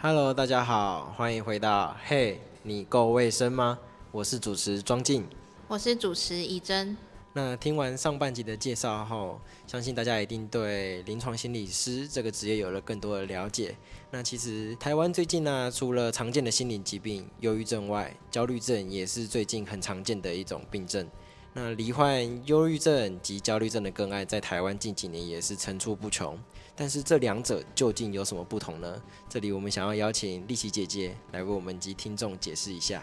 Hello，大家好，歡迎回到《Hey，你夠衛生嗎？》我是主持莊敬，我是主持宜甄。那聽完上半集的介紹後，相信大家一定對臨床心理師這個職業有了更多的了解。那其實台灣最近呢、啊，除了常見的心理疾病憂鬱症外，焦慮症也是最近很常見的一種病症。那罹患憂鬱症及焦慮症的個案，在台灣近幾年也是層出不窮。但是這兩者究竟有什麼不同呢？這裡我們想要邀請力琪姐姐來為我們及聽眾解釋一下。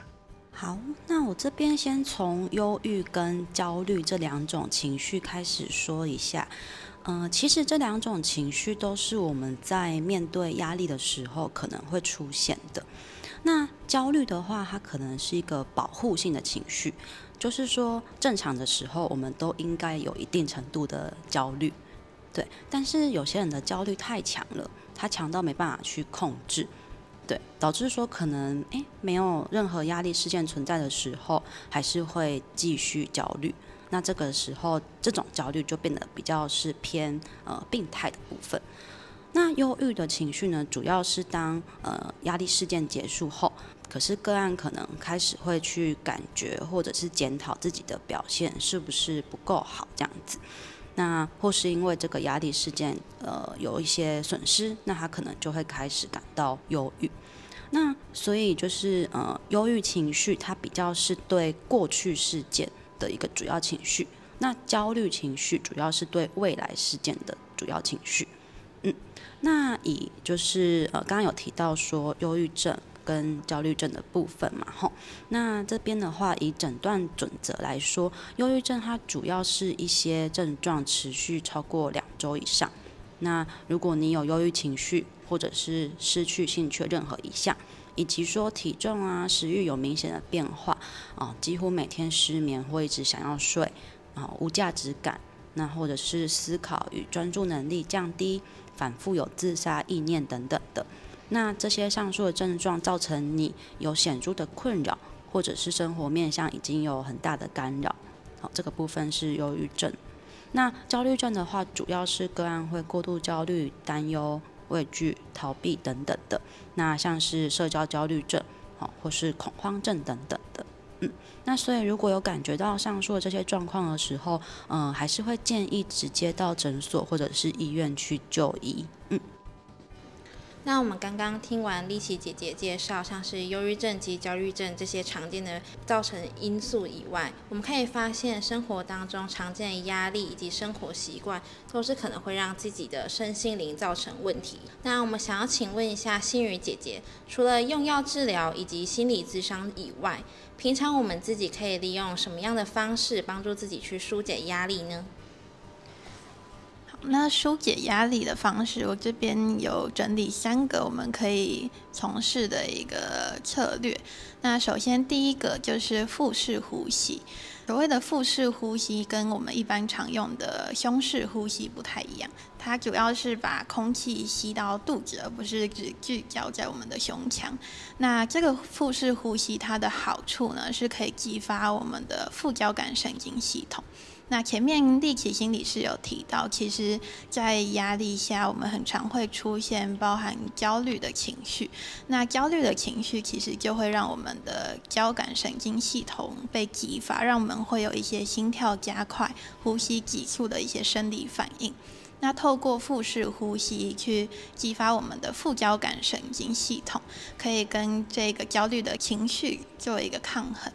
好，那我這邊先從憂鬱跟焦慮這兩種情緒開始說一下。嗯、呃，其實這兩種情緒都是我們在面對壓力的時候可能會出現的。那焦慮的話，它可能是一個保護性的情緒。就是說，正常的時候，我們都應該有一定程度的焦慮，對。但是有些人的焦慮太強了，他強到沒辦法去控制，對，導致說可能誒沒有任何壓力事件存在的時候，還是會繼續焦慮。那這個時候，這種焦慮就變得比較是偏呃病態的部分。那憂鬱的情緒呢，主要是當呃壓力事件結束後。可是個案可能開始會去感覺，或者是檢討自己的表現是不是不夠好這樣子。那或是因為這個壓力事件，呃，有一些損失，那他可能就會開始感到憂鬱。那所以就是呃，憂鬱情緒它比較是對過去事件的一個主要情緒。那焦慮情緒主要是對未來事件的主要情緒。嗯，那以就是呃，剛剛有提到說憂鬱症。跟焦慮症的部分嘛，吼，那這邊的話，以診斷準則來說，憂鬱症它主要是一些症狀持續超過兩週以上。那如果你有憂鬱情緒，或者是失去興趣任何一項，以及說體重啊、食慾有明顯的變化啊，幾乎每天失眠或一直想要睡啊，無價值感，那或者是思考與專注能力降低，反覆有自殺意念等等的。那這些上述的症狀造成你有顯著的困擾，或者是生活面向已經有很大的干擾，好，這個部分是憂鬱症。那焦慮症的話，主要是個案會過度焦慮、擔憂、畏懼、逃避等等的。那像是社交焦慮症，或是恐慌症等等的。嗯，那所以如果有感覺到上述的這些狀況的時候，嗯、呃，還是會建議直接到診所或者是醫院去就醫。嗯。那我們剛剛聽完力琪姐姐介紹，像是憂鬱症及焦慮症這些常見的造成因素以外，我們可以發現生活當中常見的壓力以及生活習慣，都是可能會讓自己的身心靈造成問題。那我們想要請問一下欣語姐姐，除了用藥治療以及心理諮商以外，平常我們自己可以利用什麼樣的方式幫助自己去紓解壓力呢？那紓解壓力的方式，我這邊有整理三個我們可以從事的一個策略。那首先第一個就是腹式呼吸。所謂的腹式呼吸跟我們一般常用的胸式呼吸不太一樣，它主要是把空氣吸到肚子，而不是只聚焦在我們的胸腔。那這個腹式呼吸它的好處呢，是可以激發我們的副交感神經系統。那前面力琪心理師有提到，其實在壓力下，我們很常會出現包含焦慮的情緒。那焦慮的情緒其實就會讓我們的交感神經系統被激發，讓我們會有一些心跳加快、呼吸急促的一些生理反應。那透過腹式呼吸去激發我們的副交感神經系統，可以跟這個焦慮的情緒做一個抗衡。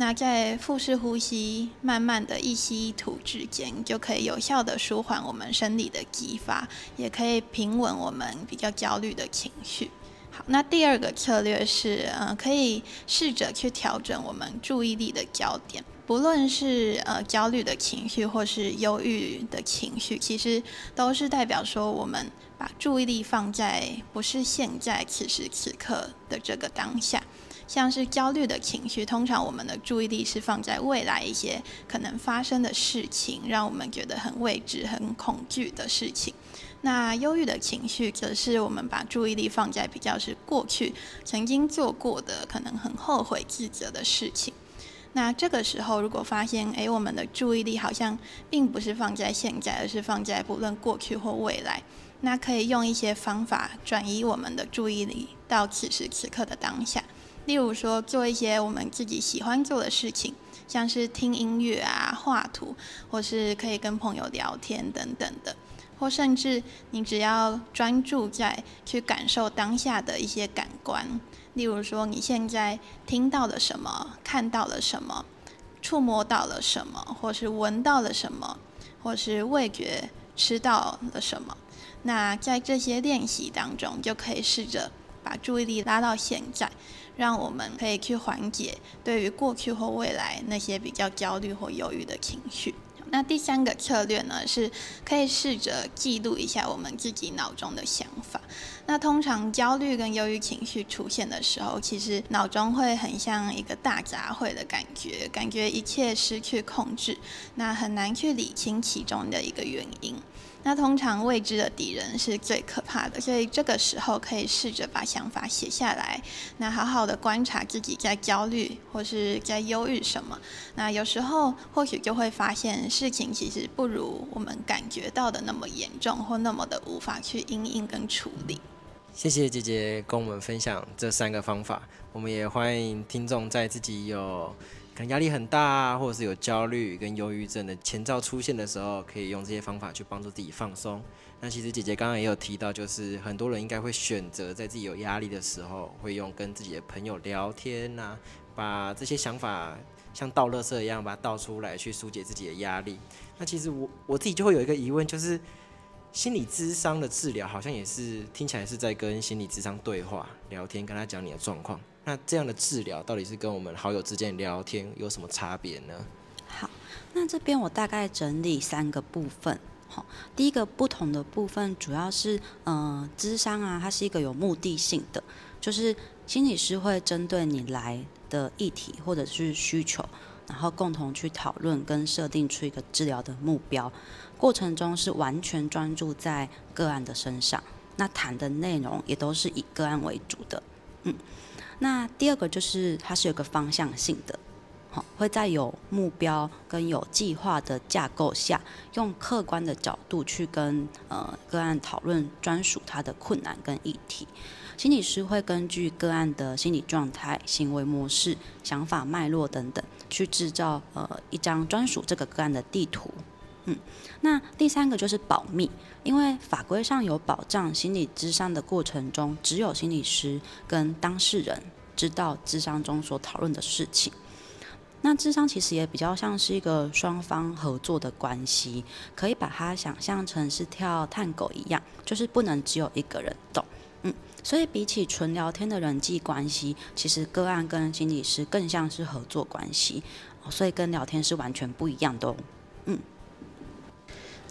那在腹式呼吸慢慢的一吸一吐之間，就可以有效的舒緩我們生理的激發，也可以平穩我們比較焦慮的情緒。好，那第二個策略是，呃，可以試着去調整我們注意力的焦點，不論是呃，焦慮的情緒或是憂鬱的情緒，其實都是代表說我們把注意力放在不是現在、此時此刻的這個當下。像是焦慮的情緒，通常我們的注意力是放在未來一些可能發生的事情，讓我們覺得很未知、很恐懼的事情。那憂鬱的情緒，則是我們把注意力放在比較是過去曾經做過的，可能很後悔、自責的事情。那這個時候，如果發現，哎，我們的注意力好像並不是放在現在，而是放在不論過去或未來，那可以用一些方法轉移我們的注意力到此時此刻的當下。例如說，做一些我們自己喜歡做的事情，像是聽音樂啊、畫圖，或是可以跟朋友聊天等等的，或甚至你只要專注在去感受當下的一些感官，例如說你現在聽到了什麼、看到了什麼、觸摸到了什麼，或是聞到了什麼，或是味覺吃到了什麼，那在這些練習當中就可以試着把注意力拉到現在，讓我們可以去緩解對於過去或未來那些比較焦慮或憂鬱的情緒。那第三個策略呢，是可以試着記錄一下我們自己腦中的想法。那通常焦慮跟憂鬱情緒出現的時候，其實腦中會很像一個大雜燴的感覺，感覺一切失去控制，那很難去理清其中的一個原因。那通常未知的敵人是最可怕的，所以這個時候可以試着把想法寫下來，那好好的觀察自己在焦慮或是在憂鬱什麼。那有時候或許就會發現事情其實不如我們感覺到的那麼嚴重或那麼的無法去因應跟處理。謝謝姐姐跟我們分享這三個方法，我們也歡迎聽眾在自己有。可能壓力很大，或者是有焦慮跟憂鬱症的前兆出現的時候，可以用這些方法去幫助自己放鬆。那其實姐姐剛剛也有提到，就是很多人應該會選擇在自己有壓力的時候，會用跟自己的朋友聊天吶、啊，把這些想法像倒垃圾一樣把它倒出來，去紓解自己的壓力。那其實我我自己就會有一個疑問，就是心理諮商的治療好像也是聽起來是在跟心理諮商對話聊天，跟他講你的狀況。那這樣的治療到底是跟我們好友之間聊天有什麼差別呢？好，那這邊我大概整理三個部分。好，第一個不同的部分主要是，嗯、呃，諮商啊，它是一個有目的性的，就是心理師會針對你來的議題或者是需求，然後共同去討論跟設定出一個治療的目標，過程中是完全專注在個案的身上，那談的內容也都是以個案為主的，嗯。那第二個就是，它是有一個方向性的，好，會在有目標跟有計劃的架構下，用客觀的角度去跟呃個案討論專屬他的困難跟議題。心理師會根據個案的心理狀態、行為模式、想法脈絡等等，去制造呃一張專屬這個個案的地圖。嗯，那第三個就是保密，因為法規上有保障。心理諮商的過程中，只有心理師跟當事人知道諮商中所討論的事情。那諮商其實也比較像是一個雙方合作的關係，可以把它想象成是跳探戈一樣，就是不能只有一個人懂。嗯，所以比起純聊天的人際關係，其實個案跟心理師更像是合作關係，所以跟聊天是完全不一樣的。哦。嗯。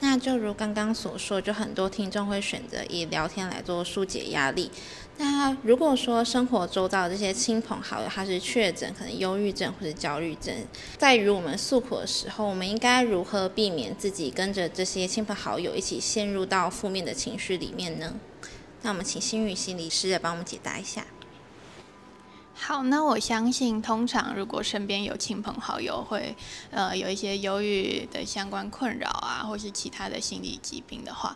那就如剛剛所說，就很多聽眾會選擇以聊天來做紓解壓力。那如果說生活周遭的這些親朋好友他是確診，可能憂鬱症或者焦慮症，在與我們訴苦的時候，我們應該如何避免自己跟着這些親朋好友一起陷入到負面的情緒裡面呢？那我們請欣語心理師來幫我們解答一下。好，那我相信通常如果身邊有親朋好友會，呃，有一些憂鬱的相關困擾啊，或是其他的心理疾病的話，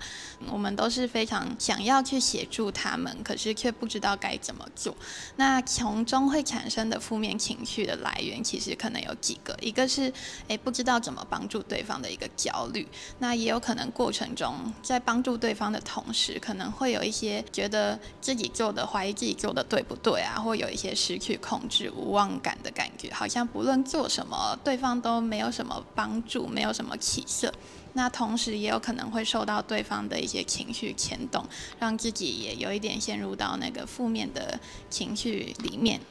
我們都是非常想要去協助他們，可是卻不知道該怎麼做。那從中會產生的負面情緒的來源，其實可能有幾個，一個是，哎，不知道怎麼幫助對方的一個焦慮。那也有可能過程中在幫助對方的同時，可能會有一些覺得自己做的、懷疑自己做的對不對啊，或有一些事。失去控制、無望感的感覺，好像不論做什麼，對方都沒有什麼幫助，沒有什麼起色。那同時也有可能會受到對方的一些情緒牽動，讓自己也有一點陷入到那個負面的情緒裡面。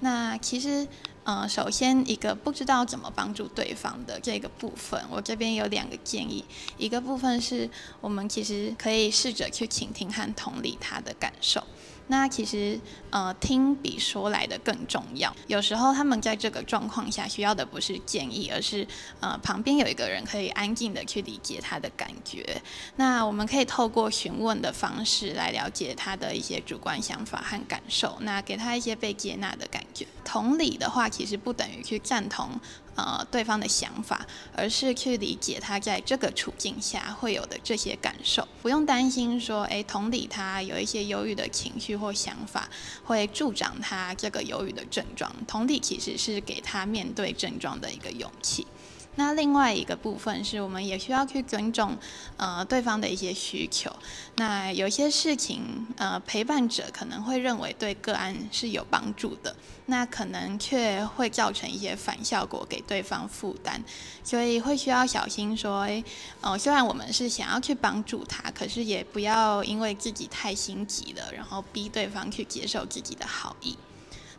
那其實，嗯、呃，首先一個不知道怎麼幫助對方的這個部分，我這邊有兩個建議。一個部分是我們其實可以試着去傾聽和同理他的感受。那其實，呃，聽比說來的更重要。有時候他們在這個狀況下需要的不是建議，而是，呃，旁邊有一個人可以安靜的去理解他的感覺。那我們可以透過詢問的方式來了解他的一些主觀想法和感受，那給他一些被接納的感覺。同理的話，其實不等於去贊同。呃，對方的想法，而是去理解他在這個處境下會有的這些感受。不用擔心說，誒，同理他有一些憂鬱的情緒或想法，會助長他這個憂鬱的症狀。同理其實是給他面對症狀的一個勇氣。那另外一個部分是，我們也需要去尊重，呃，對方的一些需求。那有些事情，呃，陪伴者可能會認為對個案是有幫助的，那可能卻會造成一些反效果給對方負擔，所以會需要小心說，誒，哦，雖然我們是想要去幫助他，可是也不要因為自己太心急了，然後逼對方去接受自己的好意。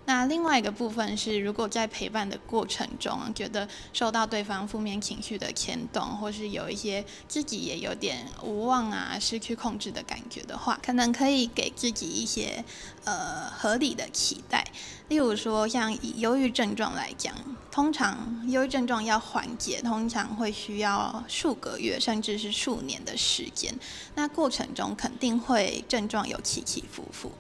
那另外一個部分是，如果在陪伴的過程中覺得受到對方負面情緒的牽動，或是有一些自己也有點無望啊、失去控制的感覺的話，可能可以給自己一些呃合理的期待。例如說，像以憂鬱症狀來講，通常憂鬱症狀要緩解，通常會需要數個月，甚至是數年的時間。那過程中肯定會症狀有起起伏伏。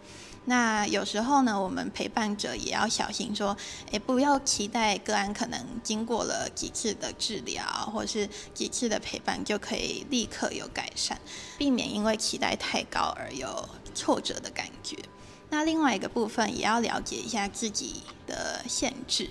那有時候呢，我們陪伴者也要小心，說，誒，不要期待個案可能經過了幾次的治療，或是幾次的陪伴，就可以立刻有改善，避免因為期待太高而有挫折的感覺。那另外一個部分也要了解一下自己的限制，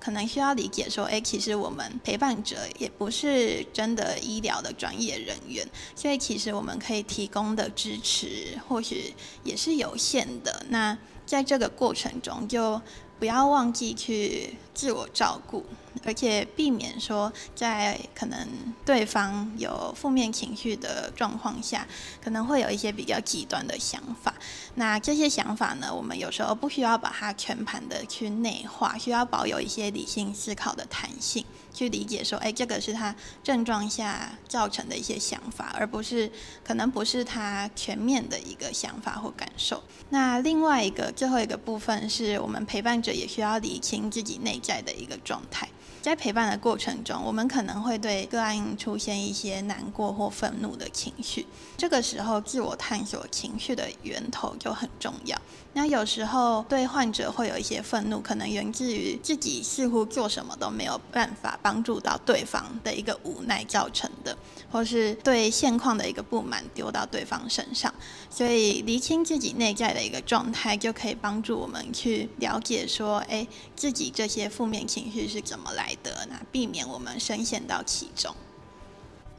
可能需要理解說，誒、欸，其實我們陪伴者也不是真的醫療的專業人員，所以其實我們可以提供的支持或許也是有限的。那在這個過程中，就不要忘記去自我照顧，而且避免說在可能對方有負面情緒的狀況下，可能會有一些比較極端的想法。那這些想法呢，我們有時候不需要把它全盤的去內化，需要保有一些理性思考的彈性，去理解說，誒、哎，這個是他症狀下造成的一些想法，而不是可能不是他全面的一個想法或感受。那另外一個最後一個部分，是我們陪伴者也需要理清自己內。在的一個狀態。在陪伴的過程中，我們可能會對個案出現一些難過或憤怒的情緒。這個時候，自我探索情緒的源頭就很重要。那有時候對患者會有一些憤怒，可能源自於自己似乎做什麼都沒有辦法幫助到對方的一個無奈造成的，或是對現況的一個不滿丟到對方身上。所以，理清自己內在的一個狀態，就可以幫助我們去了解說，哎、欸，自己這些負面情緒是怎麼來的。得那，避免我們深陷到其中。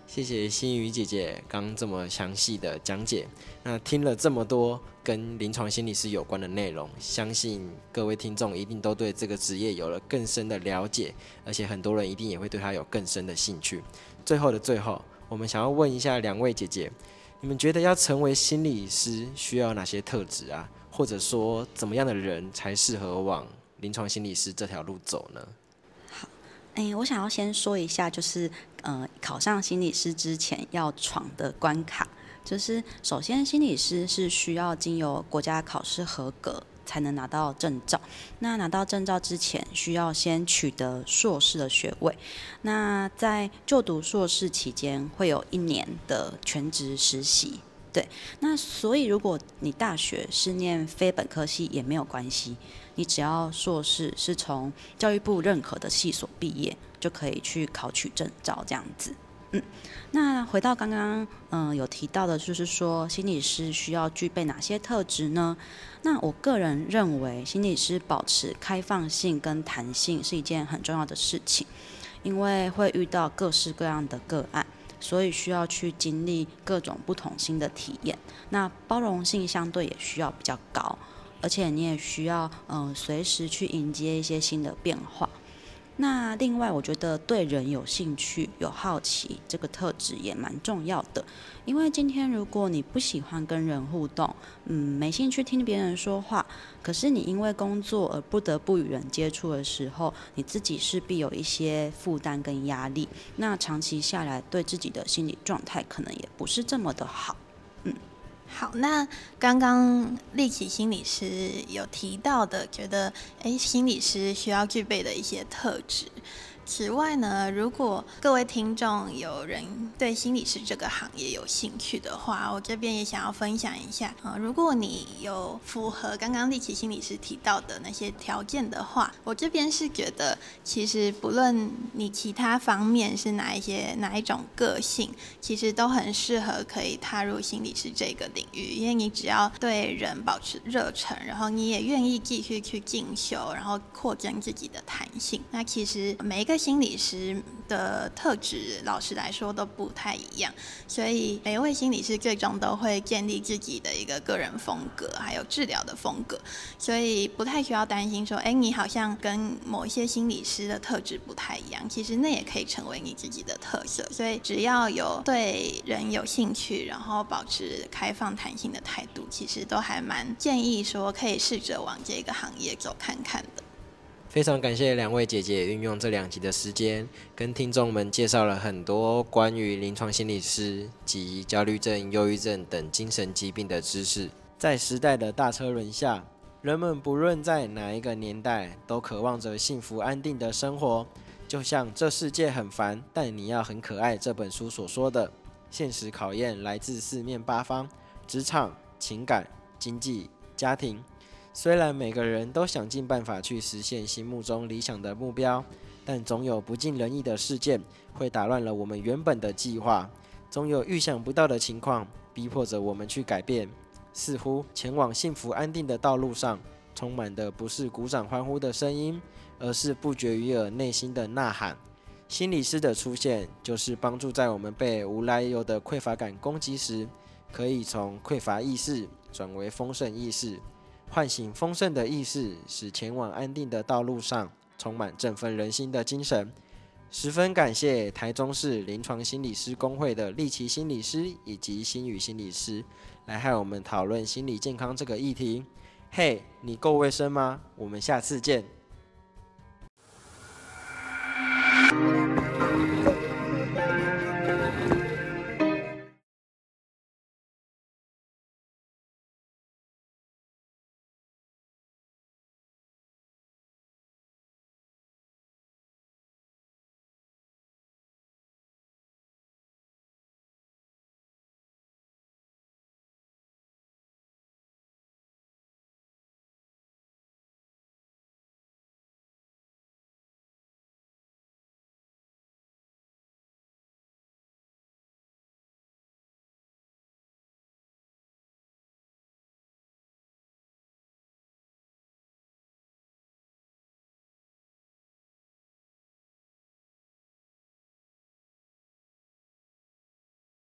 謝謝欣語姐姐剛這麼詳細的講解。那聽了這麼多跟臨床心理師有關的內容，相信各位聽眾一定都對這個職業有了更深的了解，而且很多人一定也會對他有更深的興趣。最後的最後，我們想要問一下兩位姐姐，你們覺得要成為心理師需要哪些特質啊？或者說，怎麼樣的人才適合往臨床心理師這條路走呢？誒、欸，我想要先說一下，就是，呃，考上心理師之前要闖的關卡，就是首先心理師是需要經由國家考試合格才能拿到證照。那拿到證照之前，需要先取得碩士的學位。那在就讀碩士期間，會有一年的全職實習。對，那所以如果你大學是念非本科系，也沒有關係。你只要碩士是從教育部認可的系所畢業，就可以去考取證照這樣子。嗯，那回到剛剛嗯、呃、有提到的，就是說，心理師需要具備哪些特質呢？那我個人認為，心理師保持開放性跟彈性是一件很重要的事情，因為會遇到各式各樣的個案，所以需要去經歷各種不同性的體驗。那包容性相對也需要比較高。而且你也需要嗯，隨時去迎接一些新的變化。那另外，我覺得對人有興趣、有好奇這個特質也蠻重要的。因為今天如果你不喜歡跟人互動，嗯，沒興趣聽別人說話，可是你因為工作而不得不與人接觸的時候，你自己勢必有一些負擔跟壓力。那長期下來，對自己的心理狀態可能也不是這麼的好。好，那剛剛力琪心理師有提到的，覺得哎，心理師需要具備的一些特質。此外呢，如果各位聽眾有人對心理師這個行業有興趣的話，我這邊也想要分享一下啊、呃。如果你有符合剛剛力琪心理師提到的那些條件的話，我這邊是覺得，其實不論你其他方面是哪一些、哪一種個性，其實都很適合可以踏入心理師這個領域，因為你只要對人保持熱忱，然後你也願意繼續去進修，然後擴展自己的彈性，那其實每一個。對心理師的特質，老實來說都不太一樣，所以每一位心理師最終都會建立自己的一個個人風格，還有治療的風格，所以不太需要擔心說，哎，你好像跟某些心理師的特質不太一樣，其實那也可以成為你自己的特色。所以只要有對人有興趣，然後保持開放、彈性的態度，其實都還蠻建議說可以試着往這個行業走看看的。非常感謝兩位姐姐運用這兩集的時間，跟聽眾們介紹了很多關於臨床心理師及焦慮症、憂鬱症等精神疾病的知識。在時代的大車輪下，人們不論在哪一個年代，都渴望着幸福安定的生活。就像《這世界很煩，但你要很可愛》這本書所說的，現實考驗來自四面八方：職場、情感、經濟、家庭。雖然每個人都想盡辦法去實現心目中理想的目標，但總有不盡人意的事件會打亂了我們原本的計劃，總有預想不到的情況逼迫着我們去改變。似乎前往幸福安定的道路上，充滿的不是鼓掌歡呼的聲音，而是不絕於耳內心的吶喊。心理師的出現，就是幫助在我們被無來由的匱乏感攻擊時，可以從匱乏意識轉為豐盛意識。喚醒豐盛的意識，使前往安定的道路上充滿振奮人心的精神。十分感謝台中市臨床心理師公會的力琪心理師以及欣語心理師，來和我們討論心理健康這個議題。嘿，你夠衛生嗎？我們下次見。